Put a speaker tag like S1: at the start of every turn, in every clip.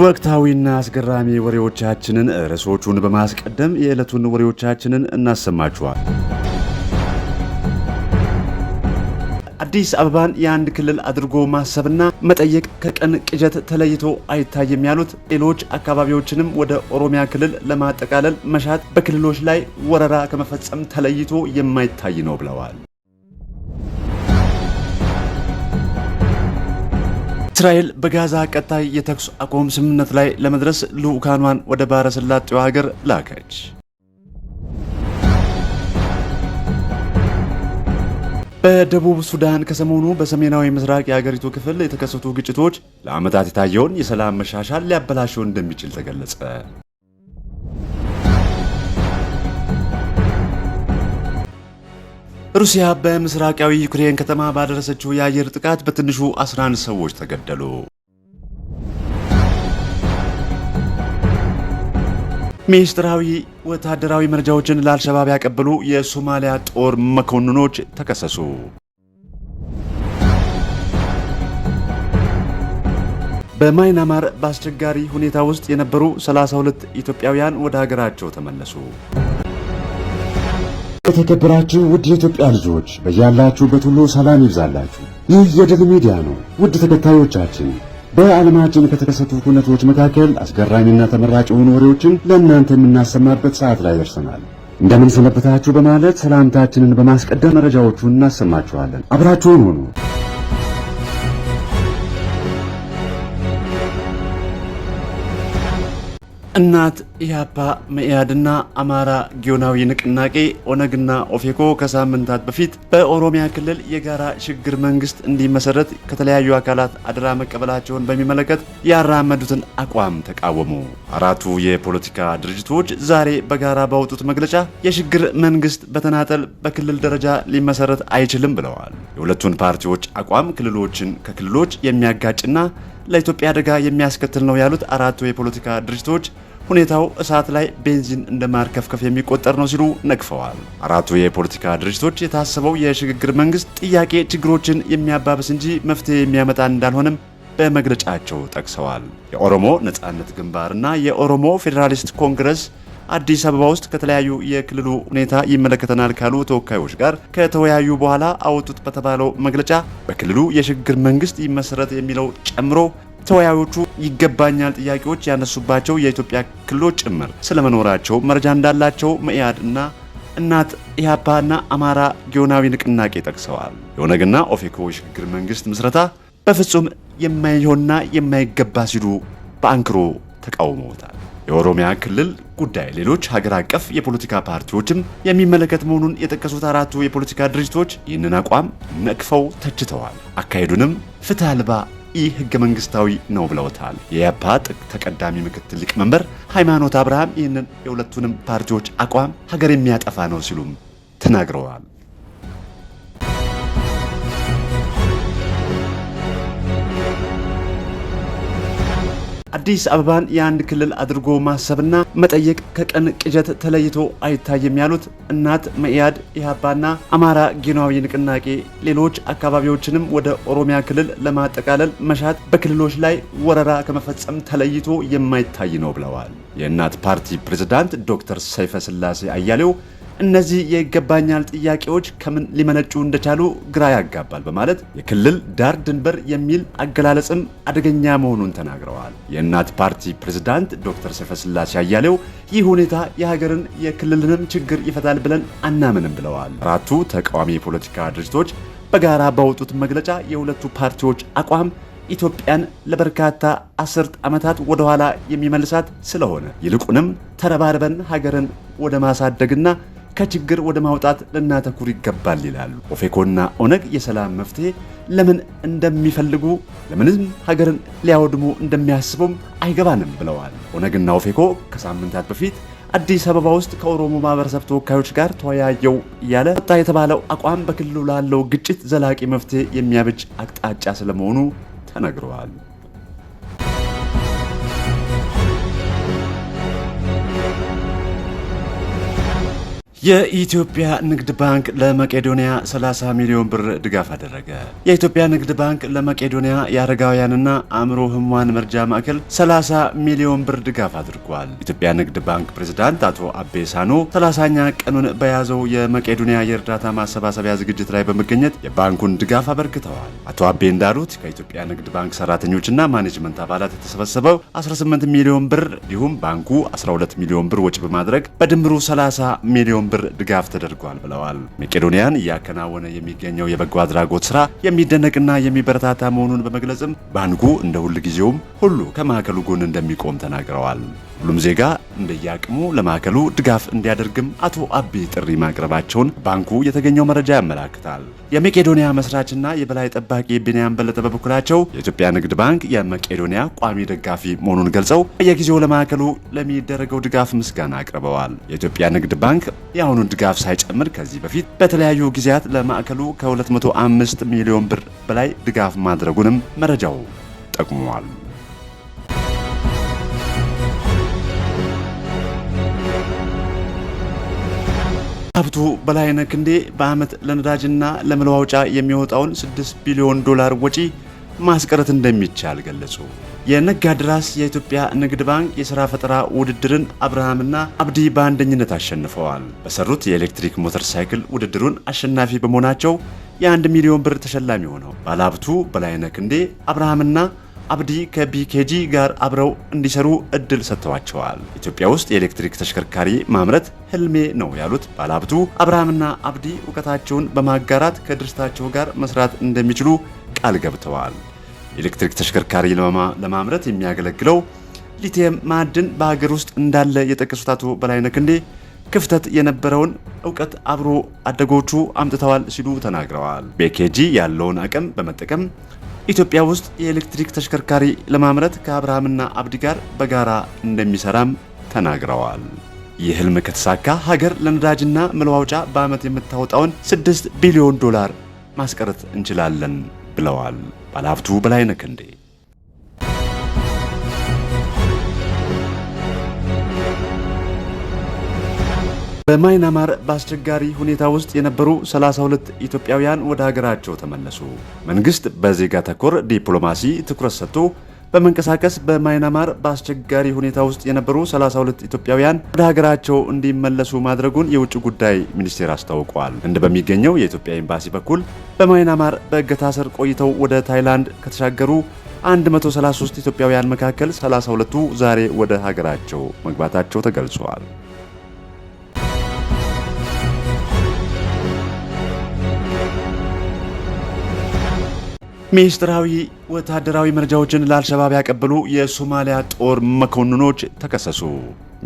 S1: ወቅታዊና አስገራሚ ወሬዎቻችንን ርዕሶቹን በማስቀደም የዕለቱን ወሬዎቻችንን እናሰማችኋል። አዲስ አበባን የአንድ ክልል አድርጎ ማሰብና መጠየቅ ከቀን ቅዠት ተለይቶ አይታይም ያሉት ሌሎች አካባቢዎችንም ወደ ኦሮሚያ ክልል ለማጠቃለል መሻት በክልሎች ላይ ወረራ ከመፈጸም ተለይቶ የማይታይ ነው ብለዋል። እስራኤል በጋዛ ቀጣይ የተኩስ አቁም ስምምነት ላይ ለመድረስ ልዑካኗን ወደ ባሕረ ሰላጤው ሀገር ላከች። በደቡብ ሱዳን ከሰሞኑ በሰሜናዊ ምስራቅ የአገሪቱ ክፍል የተከሰቱ ግጭቶች ለዓመታት የታየውን የሰላም መሻሻል ሊያበላሸው እንደሚችል ተገለጸ። ሩሲያ በምስራቃዊ ዩክሬን ከተማ ባደረሰችው የአየር ጥቃት በትንሹ 11 ሰዎች ተገደሉ። ሚስጥራዊ ወታደራዊ መረጃዎችን ለአልሸባብ ያቀበሉ የሶማሊያ ጦር መኮንኖች ተከሰሱ። በማይናማር በአስቸጋሪ ሁኔታ ውስጥ የነበሩ 32 ኢትዮጵያውያን ወደ ሀገራቸው ተመለሱ። የተከበራችሁ ውድ የኢትዮጵያ ልጆች በያላችሁበት ሁሉ ሰላም ይብዛላችሁ። ይህ የድል ሚዲያ ነው። ውድ ተከታዮቻችን በዓለማችን ከተከሰቱ ሁነቶች መካከል አስገራሚና ተመራጭ የሆኑ ወሬዎችን ለእናንተ የምናሰማበት ሰዓት ላይ ደርሰናል። እንደምን ሰነበታችሁ በማለት ሰላምታችንን በማስቀደም መረጃዎቹን እናሰማችኋለን። አብራችሁን ሁኑ። እናት ኢህአፓ መኢአድና አማራ ጊዮናዊ ንቅናቄ ኦነግና ኦፌኮ ከሳምንታት በፊት በኦሮሚያ ክልል የጋራ ሽግግር መንግስት እንዲመሰረት ከተለያዩ አካላት አደራ መቀበላቸውን በሚመለከት ያራመዱትን አቋም ተቃወሙ። አራቱ የፖለቲካ ድርጅቶች ዛሬ በጋራ ባወጡት መግለጫ የሽግግር መንግስት በተናጠል በክልል ደረጃ ሊመሰረት አይችልም ብለዋል። የሁለቱን ፓርቲዎች አቋም ክልሎችን ከክልሎች የሚያጋጭና ለኢትዮጵያ አደጋ የሚያስከትል ነው ያሉት አራቱ የፖለቲካ ድርጅቶች ሁኔታው እሳት ላይ ቤንዚን እንደማርከፍከፍ የሚቆጠር ነው ሲሉ ነቅፈዋል። አራቱ የፖለቲካ ድርጅቶች የታሰበው የሽግግር መንግስት ጥያቄ ችግሮችን የሚያባብስ እንጂ መፍትሄ የሚያመጣ እንዳልሆነም በመግለጫቸው ጠቅሰዋል። የኦሮሞ ነጻነት ግንባርና የኦሮሞ ፌዴራሊስት ኮንግረስ አዲስ አበባ ውስጥ ከተለያዩ የክልሉ ሁኔታ ይመለከተናል ካሉ ተወካዮች ጋር ከተወያዩ በኋላ አወጡት በተባለው መግለጫ በክልሉ የሽግግር መንግስት ይመሰረት የሚለው ጨምሮ ተወያዮቹ ይገባኛል ጥያቄዎች ያነሱባቸው የኢትዮጵያ ክልሎች ጭምር ስለመኖራቸው መረጃ እንዳላቸው መኢአድ እና እናት ኢህአፓና አማራ ጊዮናዊ ንቅናቄ ጠቅሰዋል። የኦነግና ኦፌኮ የሽግግር መንግስት ምስረታ በፍጹም የማይሆንና የማይገባ ሲሉ በአንክሮ ተቃውመውታል። የኦሮሚያ ክልል ጉዳይ ሌሎች ሀገር አቀፍ የፖለቲካ ፓርቲዎችም የሚመለከት መሆኑን የጠቀሱት አራቱ የፖለቲካ ድርጅቶች ይህንን አቋም ነቅፈው ተችተዋል። አካሄዱንም ፍትህ አልባ ይህ ህገ መንግስታዊ ነው ብለውታል። የኢያፓ ተቀዳሚ ምክትል ሊቀመንበር ሃይማኖት አብርሃም ይህንን የሁለቱንም ፓርቲዎች አቋም ሀገር የሚያጠፋ ነው ሲሉም ተናግረዋል። አዲስ አበባን የአንድ ክልል አድርጎ ማሰብና መጠየቅ ከቀን ቅጀት ተለይቶ አይታይም ያሉት እናት መኢአድ፣ ኢህአፓና አማራ ጌናዊ ንቅናቄ ሌሎች አካባቢዎችንም ወደ ኦሮሚያ ክልል ለማጠቃለል መሻት በክልሎች ላይ ወረራ ከመፈጸም ተለይቶ የማይታይ ነው ብለዋል። የእናት ፓርቲ ፕሬዝዳንት ዶክተር ሰይፈ ስላሴ አያሌው እነዚህ የይገባኛል ጥያቄዎች ከምን ሊመነጩ እንደቻሉ ግራ ያጋባል በማለት የክልል ዳር ድንበር የሚል አገላለጽም አደገኛ መሆኑን ተናግረዋል። የእናት ፓርቲ ፕሬዝዳንት ዶክተር ሰፈስላሴ አያሌው ይህ ሁኔታ የሀገርን የክልልንም ችግር ይፈታል ብለን አናምንም ብለዋል። አራቱ ተቃዋሚ የፖለቲካ ድርጅቶች በጋራ ባወጡት መግለጫ የሁለቱ ፓርቲዎች አቋም ኢትዮጵያን ለበርካታ አስርት ዓመታት ወደኋላ የሚመልሳት ስለሆነ ይልቁንም ተረባርበን ሀገርን ወደ ማሳደግና ከችግር ወደ ማውጣት ልናተኩር ይገባል ይላሉ። ኦፌኮና ኦነግ የሰላም መፍትሄ ለምን እንደሚፈልጉ ለምንም ሀገርን ሊያወድሙ እንደሚያስቡም አይገባንም ብለዋል። ኦነግና ኦፌኮ ከሳምንታት በፊት አዲስ አበባ ውስጥ ከኦሮሞ ማህበረሰብ ተወካዮች ጋር ተወያየው እያለ ወጣ የተባለው አቋም በክልሉ ላለው ግጭት ዘላቂ መፍትሄ የሚያበጅ አቅጣጫ ስለመሆኑ ተነግረዋል። የኢትዮጵያ ንግድ ባንክ ለመቄዶንያ 30 ሚሊዮን ብር ድጋፍ አደረገ። የኢትዮጵያ ንግድ ባንክ ለመቄዶንያ የአረጋውያንና አእምሮ ህሙማን መርጃ ማዕከል 30 ሚሊዮን ብር ድጋፍ አድርጓል። ኢትዮጵያ ንግድ ባንክ ፕሬዝዳንት አቶ አቤ ሳኖ 30ኛ ቀኑን በያዘው የመቄዶንያ የእርዳታ ማሰባሰቢያ ዝግጅት ላይ በመገኘት የባንኩን ድጋፍ አበርክተዋል። አቶ አቤ እንዳሉት ከኢትዮጵያ ንግድ ባንክ ሰራተኞችና ማኔጅመንት አባላት የተሰበሰበው 18 ሚሊዮን ብር እንዲሁም ባንኩ 12 ሚሊዮን ብር ወጪ በማድረግ በድምሩ 30 ሚሊዮን ብር ድጋፍ ተደርጓል ብለዋል። መቄዶንያን እያከናወነ የሚገኘው የበጎ አድራጎት ስራ የሚደነቅና የሚበረታታ መሆኑን በመግለጽም ባንኩ እንደ ሁልጊዜውም ሁሉ ከማዕከሉ ጎን እንደሚቆም ተናግረዋል። ሁሉም ዜጋ እንደየአቅሙ ለማዕከሉ ድጋፍ እንዲያደርግም አቶ አቢ ጥሪ ማቅረባቸውን ባንኩ የተገኘው መረጃ ያመላክታል። የመቄዶንያ መስራችና የበላይ ጠባቂ ቢንያም በለጠ በበኩላቸው የኢትዮጵያ ንግድ ባንክ የመቄዶንያ ቋሚ ደጋፊ መሆኑን ገልጸው በየጊዜው ለማዕከሉ ለሚደረገው ድጋፍ ምስጋና አቅርበዋል። የኢትዮጵያ ንግድ ባንክ የአሁኑን ድጋፍ ሳይጨምር ከዚህ በፊት በተለያዩ ጊዜያት ለማዕከሉ ከ205 ሚሊዮን ብር በላይ ድጋፍ ማድረጉንም መረጃው ጠቁመዋል። ሀብቱ በላይነህ ክንዴ በዓመት ለነዳጅና ለመለዋወጫ የሚወጣውን 6 ቢሊዮን ዶላር ወጪ ማስቀረት እንደሚቻል ገለጹ። የነጋድራስ የኢትዮጵያ ንግድ ባንክ የሥራ ፈጠራ ውድድርን አብርሃምና አብዲ በአንደኝነት አሸንፈዋል። በሰሩት የኤሌክትሪክ ሞተር ሳይክል ውድድሩን አሸናፊ በመሆናቸው የአንድ ሚሊዮን ብር ተሸላሚ ሆነው ባለሀብቱ በላይነህ ክንዴ አብርሃምና አብዲ ከቢኬጂ ጋር አብረው እንዲሰሩ እድል ሰጥተዋቸዋል። ኢትዮጵያ ውስጥ የኤሌክትሪክ ተሽከርካሪ ማምረት ህልሜ ነው ያሉት ባለሀብቱ አብርሃምና አብዲ እውቀታቸውን በማጋራት ከድርጅታቸው ጋር መስራት እንደሚችሉ ቃል ገብተዋል። ኤሌክትሪክ ተሽከርካሪ ለማምረት የሚያገለግለው ሊቲየም ማዕድን በሀገር ውስጥ እንዳለ የጠቀሱት አቶ በላይነህ ክንዴ ክፍተት የነበረውን እውቀት አብሮ አደጎቹ አምጥተዋል ሲሉ ተናግረዋል። ቤኬጂ ያለውን አቅም በመጠቀም ኢትዮጵያ ውስጥ የኤሌክትሪክ ተሽከርካሪ ለማምረት ከአብርሃምና አብዲ ጋር በጋራ እንደሚሰራም ተናግረዋል። ይህ ህልም ከተሳካ ሀገር ለነዳጅና መለዋወጫ በዓመት የምታወጣውን 6 ቢሊዮን ዶላር ማስቀረት እንችላለን ብለዋል ባለሀብቱ በላይነህ ክንዴ። በማይናማር በአስቸጋሪ ሁኔታ ውስጥ የነበሩ 32 ኢትዮጵያውያን ወደ ሀገራቸው ተመለሱ። መንግስት በዜጋ ተኮር ዲፕሎማሲ ትኩረት ሰጥቶ በመንቀሳቀስ በማይናማር በአስቸጋሪ ሁኔታ ውስጥ የነበሩ 32 ኢትዮጵያውያን ወደ ሀገራቸው እንዲመለሱ ማድረጉን የውጭ ጉዳይ ሚኒስቴር አስታውቋል። እንደ በሚገኘው የኢትዮጵያ ኤምባሲ በኩል በማይናማር በእገታ ስር ቆይተው ወደ ታይላንድ ከተሻገሩ 133 ኢትዮጵያውያን መካከል 32ቱ ዛሬ ወደ ሀገራቸው መግባታቸው ተገልጿል። ሚኒስትራዊ ወታደራዊ መረጃዎችን ለአልሸባብ ያቀበሉ የሶማሊያ ጦር መኮንኖች ተከሰሱ።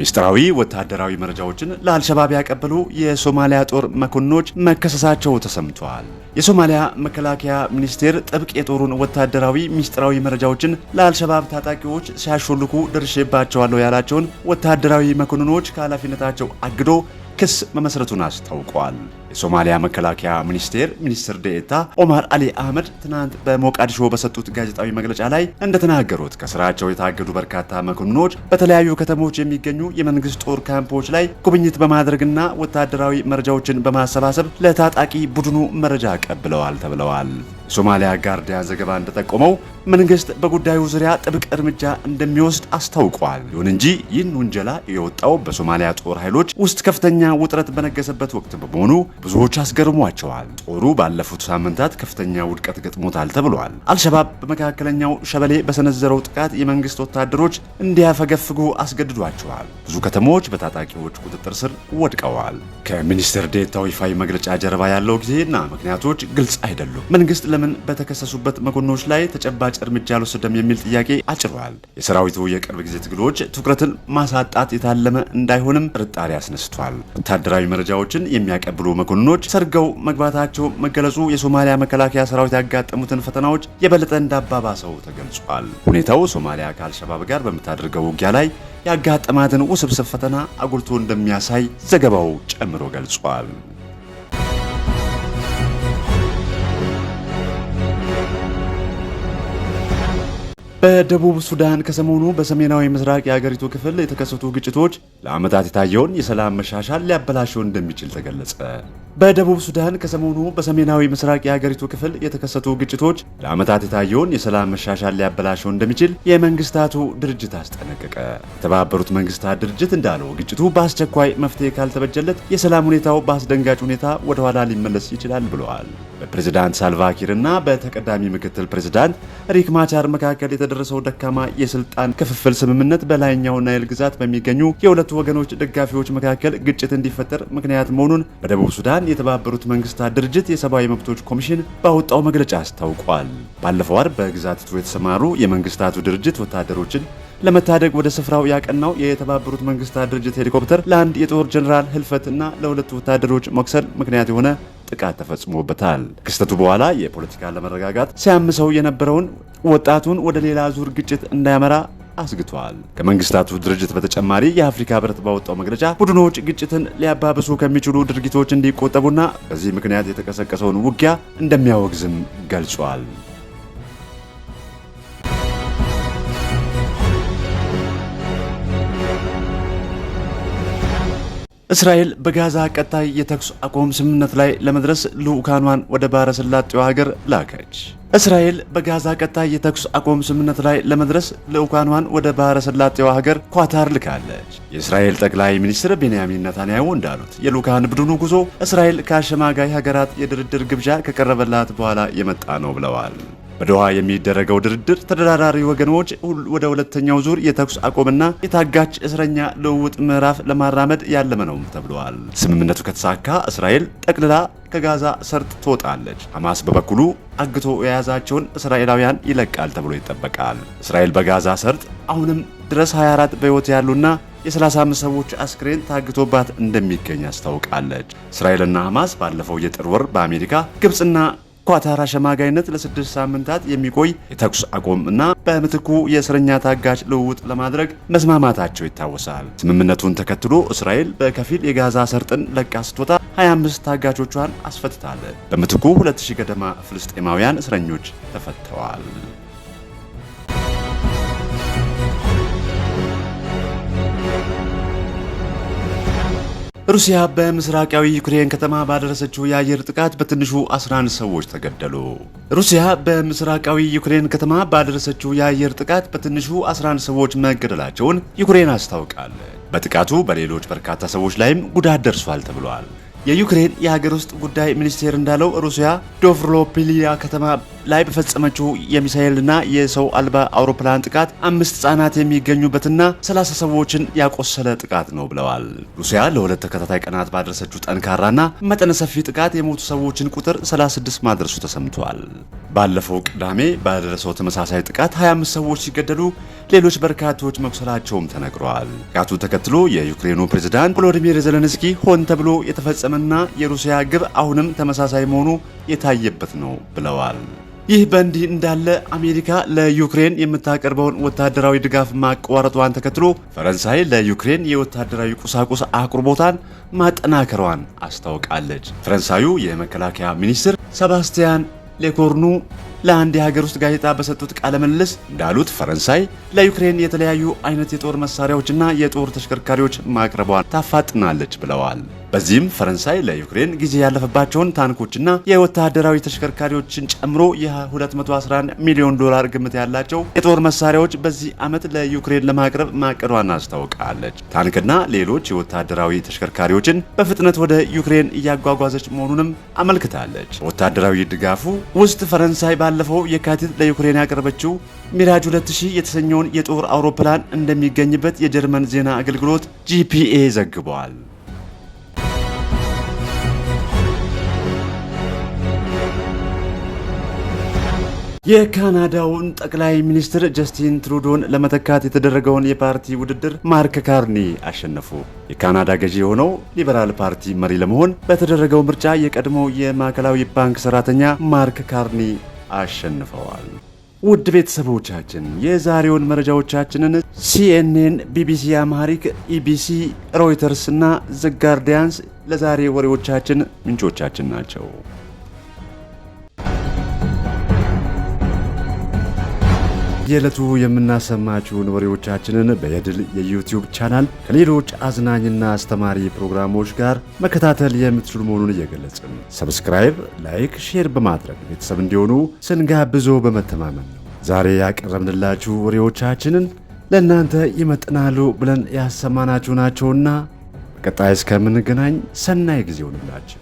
S1: ሚስጥራዊ ወታደራዊ መረጃዎችን ለአልሸባብ ያቀበሉ የሶማሊያ ጦር መኮንኖች መከሰሳቸው ተሰምቷል። የሶማሊያ መከላከያ ሚኒስቴር ጥብቅ የጦሩን ወታደራዊ ሚስጥራዊ መረጃዎችን ለአልሸባብ ታጣቂዎች ሲያሾልኩ ደርሼባቸዋለሁ ያላቸውን ወታደራዊ መኮንኖች ከኃላፊነታቸው አግዶ ክስ መመስረቱን አስታውቋል። የሶማሊያ መከላከያ ሚኒስቴር ሚኒስትር ዴኤታ ኦማር አሊ አህመድ ትናንት በሞቃዲሾ በሰጡት ጋዜጣዊ መግለጫ ላይ እንደተናገሩት ከስራቸው የታገዱ በርካታ መኮንኖች በተለያዩ ከተሞች የሚገኙ የመንግስት ጦር ካምፖች ላይ ጉብኝት በማድረግና ወታደራዊ መረጃዎችን በማሰባሰብ ለታጣቂ ቡድኑ መረጃ ቀብለዋል ተብለዋል። የሶማሊያ ጋርዲያን ዘገባ እንደጠቆመው መንግስት በጉዳዩ ዙሪያ ጥብቅ እርምጃ እንደሚወስድ አስታውቋል። ይሁን እንጂ ይህን ውንጀላ የወጣው በሶማሊያ ጦር ኃይሎች ውስጥ ከፍተኛ ውጥረት በነገሰበት ወቅት በመሆኑ ብዙዎች አስገርሟቸዋል። ጦሩ ባለፉት ሳምንታት ከፍተኛ ውድቀት ገጥሞታል ተብሏል። አልሸባብ በመካከለኛው ሸበሌ በሰነዘረው ጥቃት የመንግስት ወታደሮች እንዲያፈገፍጉ አስገድዷቸዋል። ብዙ ከተሞች በታጣቂዎች ቁጥጥር ስር ወድቀዋል። ከሚኒስትር ዴታው ይፋዊ መግለጫ ጀርባ ያለው ጊዜና ምክንያቶች ግልጽ አይደሉም። መንግስት ለምን በተከሰሱበት መኮንኖች ላይ ተጨባጭ እርምጃ አልወሰደም የሚል ጥያቄ አጭሯል። የሰራዊቱ የቅርብ ጊዜ ትግሎች ትኩረትን ማሳጣት የታለመ እንዳይሆንም ጥርጣሬ አስነስቷል። ወታደራዊ መረጃዎችን የሚያቀብሉ መኮንኖች ሰርገው መግባታቸው መገለጹ የሶማሊያ መከላከያ ሰራዊት ያጋጠሙትን ፈተናዎች የበለጠ እንዳባባሰው ተገልጿል። ሁኔታው ሶማሊያ ከአልሸባብ ጋር በምታደርገው ውጊያ ላይ ያጋጠማትን ውስብስብ ፈተና አጉልቶ እንደሚያሳይ ዘገባው ጨምሮ ገልጿል። በደቡብ ሱዳን ከሰሞኑ በሰሜናዊ ምስራቅ የአገሪቱ ክፍል የተከሰቱ ግጭቶች ለዓመታት የታየውን የሰላም መሻሻል ሊያበላሸው እንደሚችል ተገለጸ። በደቡብ ሱዳን ከሰሞኑ በሰሜናዊ ምስራቅ የአገሪቱ ክፍል የተከሰቱ ግጭቶች ለዓመታት የታየውን የሰላም መሻሻል ሊያበላሸው እንደሚችል የመንግስታቱ ድርጅት አስጠነቀቀ። የተባበሩት መንግስታት ድርጅት እንዳለው ግጭቱ በአስቸኳይ መፍትሄ ካልተበጀለት የሰላም ሁኔታው በአስደንጋጭ ሁኔታ ወደኋላ ሊመለስ ይችላል ብለዋል። በፕሬዝዳንት ሳልቫኪር እና በተቀዳሚ ምክትል ፕሬዝዳንት ሪክ ማቻር መካከል የተደረሰው ደካማ የስልጣን ክፍፍል ስምምነት በላይኛው ናይል ግዛት በሚገኙ የሁለቱ ወገኖች ደጋፊዎች መካከል ግጭት እንዲፈጠር ምክንያት መሆኑን በደቡብ ሱዳን የተባበሩት መንግስታት ድርጅት የሰብአዊ መብቶች ኮሚሽን ባወጣው መግለጫ አስታውቋል። ባለፈው ወር በግዛቲቱ የተሰማሩ የመንግስታቱ ድርጅት ወታደሮችን ለመታደግ ወደ ስፍራው ያቀናው የተባበሩት መንግስታት ድርጅት ሄሊኮፕተር ለአንድ የጦር ጀኔራል ህልፈት እና ለሁለቱ ወታደሮች መቁሰል ምክንያት የሆነ ጥቃት ተፈጽሞበታል። ክስተቱ በኋላ የፖለቲካ ለመረጋጋት ሲያምሰው የነበረውን ወጣቱን ወደ ሌላ ዙር ግጭት እንዳያመራ አስግቷል። ከመንግስታቱ ድርጅት በተጨማሪ የአፍሪካ ህብረት ባወጣው መግለጫ ቡድኖች ግጭትን ሊያባብሱ ከሚችሉ ድርጊቶች እንዲቆጠቡና በዚህ ምክንያት የተቀሰቀሰውን ውጊያ እንደሚያወግዝም ገልጿል። እስራኤል በጋዛ ቀጣይ የተኩስ አቁም ስምምነት ላይ ለመድረስ ልዑካኗን ወደ ባሕረ ሰላጤው ሀገር ላከች። እስራኤል በጋዛ ቀጣይ የተኩስ አቁም ስምምነት ላይ ለመድረስ ልዑካኗን ወደ ባሕረ ሰላጤው ሀገር ኳታር ልካለች። የእስራኤል ጠቅላይ ሚኒስትር ቤንያሚን ነታንያሁ እንዳሉት የልዑካን ቡድኑ ጉዞ እስራኤል ከአሸማጋይ ሀገራት የድርድር ግብዣ ከቀረበላት በኋላ የመጣ ነው ብለዋል። በዶሃ የሚደረገው ድርድር ተደራዳሪ ወገኖች ወደ ሁለተኛው ዙር የተኩስ አቁምና የታጋች እስረኛ ልውውጥ ምዕራፍ ለማራመድ ያለመ ነው ተብለዋል። ስምምነቱ ከተሳካ እስራኤል ጠቅልላ ከጋዛ ሰርጥ ትወጣለች። ሐማስ በበኩሉ አግቶ የያዛቸውን እስራኤላውያን ይለቃል ተብሎ ይጠበቃል። እስራኤል በጋዛ ሰርጥ አሁንም ድረስ 24 በሕይወት ያሉና የ35 ሰዎች አስክሬን ታግቶባት እንደሚገኝ አስታውቃለች። እስራኤልና ሐማስ ባለፈው የጥር ወር በአሜሪካ ግብፅና ኳታራ ሸማጋይነት ለስድስት ሳምንታት የሚቆይ የተኩስ አቁም እና በምትኩ የእስረኛ ታጋች ልውውጥ ለማድረግ መስማማታቸው ይታወሳል። ስምምነቱን ተከትሎ እስራኤል በከፊል የጋዛ ሰርጥን ለቃ ስትወጣ 25 ታጋቾቿን አስፈትታለች። በምትኩ 2000 ገደማ ፍልስጤማውያን እስረኞች ተፈተዋል። ሩሲያ በምስራቃዊ ዩክሬን ከተማ ባደረሰችው የአየር ጥቃት በትንሹ 11 ሰዎች ተገደሉ። ሩሲያ በምስራቃዊ ዩክሬን ከተማ ባደረሰችው የአየር ጥቃት በትንሹ 11 ሰዎች መገደላቸውን ዩክሬን አስታውቃለች። በጥቃቱ በሌሎች በርካታ ሰዎች ላይም ጉዳት ደርሷል ተብሏል። የዩክሬን የሀገር ውስጥ ጉዳይ ሚኒስቴር እንዳለው ሩሲያ ዶቭሮፒሊያ ከተማ ላይ በፈጸመችው የሚሳኤልና የሰው አልባ አውሮፕላን ጥቃት አምስት ህጻናት የሚገኙበትና ሰላሳ ሰዎችን ያቆሰለ ጥቃት ነው ብለዋል። ሩሲያ ለሁለት ተከታታይ ቀናት ባደረሰችው ጠንካራና መጠነ ሰፊ ጥቃት የሞቱ ሰዎችን ቁጥር 36 ማድረሱ ተሰምቷል። ባለፈው ቅዳሜ ባደረሰው ተመሳሳይ ጥቃት 25 ሰዎች ሲገደሉ ሌሎች በርካቶች መቁሰላቸውም ተነግረዋል። ጥቃቱ ተከትሎ የዩክሬኑ ፕሬዝዳንት ቮሎዲሚር ዘለንስኪ ሆን ተብሎ የተፈጸመ አቅምና የሩሲያ ግብ አሁንም ተመሳሳይ መሆኑ የታየበት ነው ብለዋል። ይህ በእንዲህ እንዳለ አሜሪካ ለዩክሬን የምታቀርበውን ወታደራዊ ድጋፍ ማቋረጧን ተከትሎ ፈረንሳይ ለዩክሬን የወታደራዊ ቁሳቁስ አቅርቦታን ማጠናከሯን አስታውቃለች። ፈረንሳዩ የመከላከያ ሚኒስትር ሰባስቲያን ሌኮርኑ ለአንድ የሀገር ውስጥ ጋዜጣ በሰጡት ቃለ ምልልስ እንዳሉት ፈረንሳይ ለዩክሬን የተለያዩ አይነት የጦር መሳሪያዎችና የጦር ተሽከርካሪዎች ማቅረቧን ታፋጥናለች ብለዋል። በዚህም ፈረንሳይ ለዩክሬን ጊዜ ያለፈባቸውን ታንኮችና የወታደራዊ ተሽከርካሪዎችን ጨምሮ የ211 ሚሊዮን ዶላር ግምት ያላቸው የጦር መሳሪያዎች በዚህ ዓመት ለዩክሬን ለማቅረብ ማቀዷን አስታውቃለች። ታንክና ሌሎች የወታደራዊ ተሽከርካሪዎችን በፍጥነት ወደ ዩክሬን እያጓጓዘች መሆኑንም አመልክታለች። ወታደራዊ ድጋፉ ውስጥ ፈረንሳይ ባለፈው የካቲት ለዩክሬን ያቀረበችው ሚራጅ 2000 የተሰኘውን የጦር አውሮፕላን እንደሚገኝበት የጀርመን ዜና አገልግሎት ጂፒኤ ዘግቧል። የካናዳውን ጠቅላይ ሚኒስትር ጀስቲን ትሩዶን ለመተካት የተደረገውን የፓርቲ ውድድር ማርክ ካርኒ አሸነፉ። የካናዳ ገዢ የሆነው ሊበራል ፓርቲ መሪ ለመሆን በተደረገው ምርጫ የቀድሞው የማዕከላዊ ባንክ ሰራተኛ ማርክ ካርኒ አሸንፈዋል። ውድ ቤተሰቦቻችን የዛሬውን መረጃዎቻችንን ሲኤንኤን፣ ቢቢሲ አማሪክ፣ ኢቢሲ፣ ሮይተርስ እና ዘጋርዲያንስ ለዛሬ ወሬዎቻችን ምንጮቻችን ናቸው። በየዕለቱ የምናሰማችሁን ወሬዎቻችንን በየድል የዩቲዩብ ቻናል ከሌሎች አዝናኝና አስተማሪ ፕሮግራሞች ጋር መከታተል የምትችሉ መሆኑን እየገለጽን ሰብስክራይብ፣ ላይክ፣ ሼር በማድረግ ቤተሰብ እንዲሆኑ ስንጋብዞ በመተማመን ነው ዛሬ ያቀረብንላችሁ ወሬዎቻችንን ለእናንተ ይመጥናሉ ብለን ያሰማናችሁ ናቸውና በቀጣይ እስከምንገናኝ ሰናይ ጊዜ ሆንላችሁ።